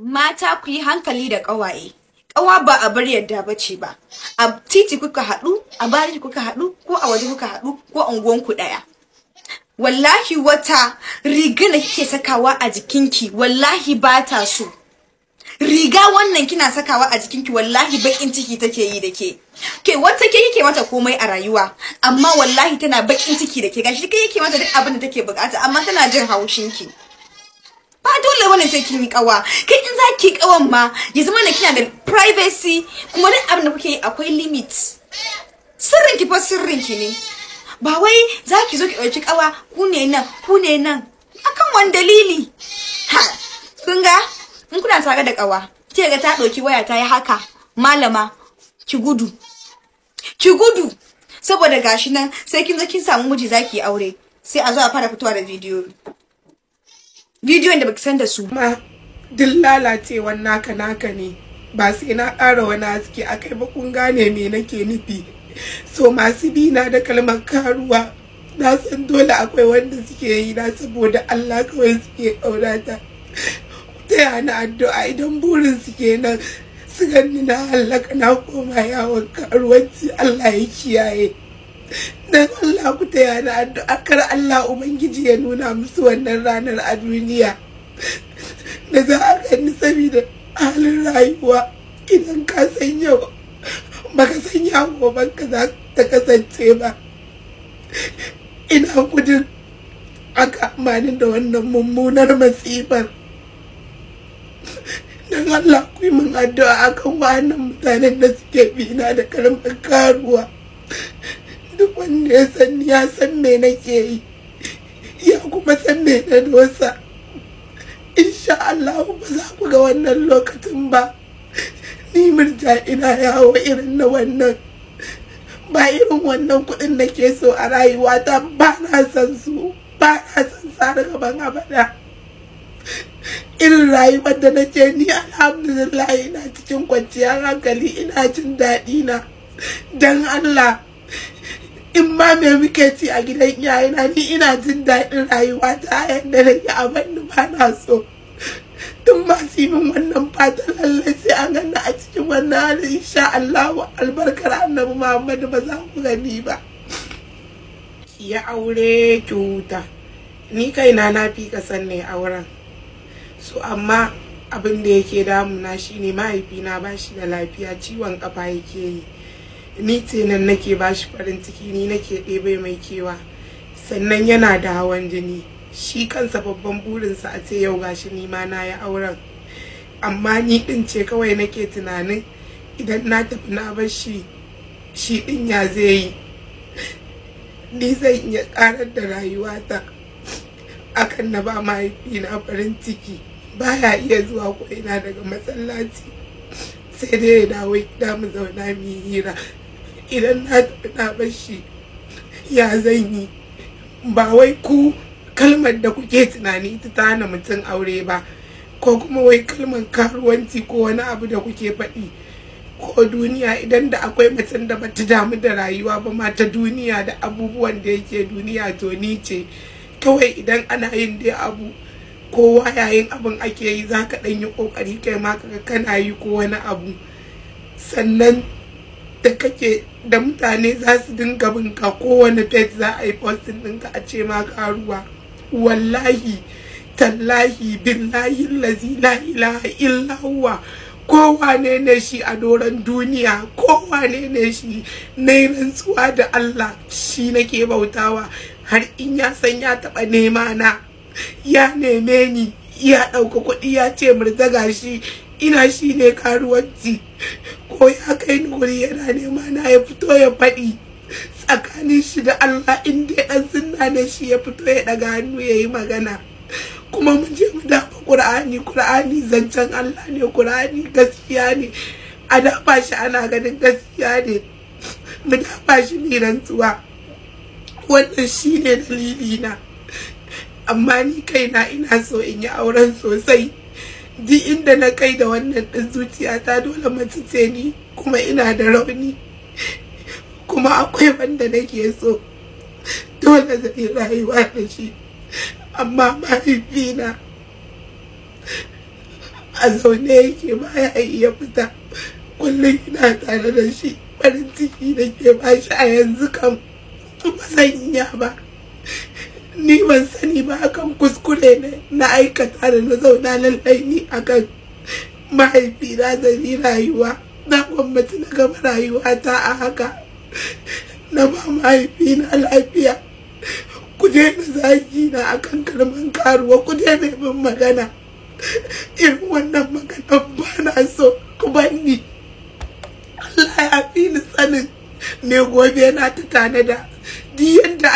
mata ku yi hankali da ƙawaye ƙawa ba a bar yadda ba ce ba a titi kuka haɗu a bari kuka haɗu ko a waje kuka haɗu ko a unguwanku ɗaya wallahi wata riga da kike sakawa a jikinki wallahi ba ta so riga wannan kina sakawa a jikinki wallahi bakin ciki take yi da ke ke wata ke kike mata komai a rayuwa amma wallahi tana bakin ciki da ke gashi ke yake mata duk abin da take bukata amma tana jin haushinki ki ba dole bane sai kin yi kawa kai in za ki kawan ma ya zama na kina da privacy kuma duk abin da kuke yi akwai limit sirrin ki fa sirrin ki ne ba wai za ki zo ki ɗauki kawa ku ne nan ku ne nan akan wani dalili ha kun in kuna tare da kawa ke ga ta ɗauki waya ta yi haka malama ki gudu ki gudu saboda gashi nan sai kin zo kin samu miji zaki aure sai a zo a fara fitowa da bidiyo bidiyon da baki san da su ma duk lalacewan naka naka ne ba sai na ƙara wani haske a kai ba kun gane me nake nufi so masu biyu na da kalmar karuwa na san dole akwai wanda suke yi na saboda Allah kawai suke ƙaunata ta yana addu'a idan burin suke nan su ganni na hallaka na koma yawon karuwanci Allah ya kiyaye dan Allah ku taya ni addu'a kar Allah ubangiji ya nuna musu wannan ranar a duniya da za a gani saboda halin rayuwa idan ka san yau baka san ba ka za ta kasance ba ina gudun aka amani da wannan mummunar masifar Dan Allah ku yi min addu'a akan wannan mutanen da suke bina da karamin karuwa wanda ya san ya san me nake yi ya kuma san me na dosa insha Allah ba za ku ga wannan lokacin ba ni mirja ina yawo irin na wannan ba irin wannan kuɗin nake so a rayuwata ba na san su ba na san ban abada irin rayuwar da nake ni alhamdulillah ina cikin kwanciyar hankali ina jin daɗi na don Allah in ma me muke ci a gidan iyayena ni ina jin daɗin rayuwa ta yadda yi abin da ba na so tun masu min wannan fata lallai sai an ganna a cikin wannan hali insha Allah albarkar annabi Muhammadu ba za ku gani ba ya aure ki huta ni kaina na fi kasan ne auren so amma abin da yake damuna shine mahaifina ba shi da lafiya ciwon kafa yake yi ni ce nan nake bashi farin ciki ni nake ɗebe mai kewa sannan yana da hawan jini shi kansa babban burinsa a ce yau gashi ni ma na yi auren amma ni ɗin ce kawai nake tunanin idan na tafi na bar shi shi ɗin ya zai yi ni zan iya ƙarar da rayuwata akan na ba mahaifina farin ciki baya iya zuwa ko ina daga masallaci sai dai ya dawo gida mu zauna mu hira idan na taɓa shi bashi ya zan yi ba wai ku kalmar da kuke tunani ta tana mutum aure ba ko kuma wai kalmar karuwanci ko wani abu da kuke faɗi ko duniya idan da akwai mutum da bata damu da rayuwa ba ma ta duniya da abubuwan da yake duniya to ni ce kawai idan ana yin dai abu kowa yayin abin ake yi za ka ɗan yi ƙoƙari kai ma kaga kana yi ko wani abu sannan da kake da mutane za su dinga binka kowane page za a yi postin dinka a ce ma karuwa wallahi tallahi billahi lazi la ilaha illa huwa kowa ne shi a doron duniya kowa ne ne shi na rantsuwa da Allah shi nake bautawa har in ya san ya taɓa nema na ya neme ni ya ɗauka kuɗi ya ce murzaga shi ina shi ne karuwanci ko ya kai ni wuri yana nema na ya fito ya faɗi tsakanin shi da Allah in dai dan sunna ne shi ya fito ya ɗaga hannu ya yi magana kuma mun je mu dafa Qur'ani Qur'ani zancen Allah ne Qur'ani gaskiya ne a dafa shi ana ganin gaskiya ne mu dafa shi ne rantsuwa wannan shi ne na. amma ni kaina ina so in yi auren sosai duk inda na kai da wannan ɗin zuciyata dole macice ni kuma ina da rauni kuma akwai wanda nake so dole zai rayuwa da shi amma mahaifina a zaune yake baya iya fita kullum ina tare da shi farin ciki da ke ba shi a yanzu kan ba zan iya ba ni ban sani ba akan kuskure ne na aikata da na zauna lallai a akan mahaifina da ni rayuwa na gwamnati na gama rayuwa ta a haka na ba mahaifina lafiya ku daina zagi na akan kalman karuwa ku daina bin magana irin wannan maganan ba na so ku banni Allah ya fi ni sanin ne gobe na ta tanada duk yadda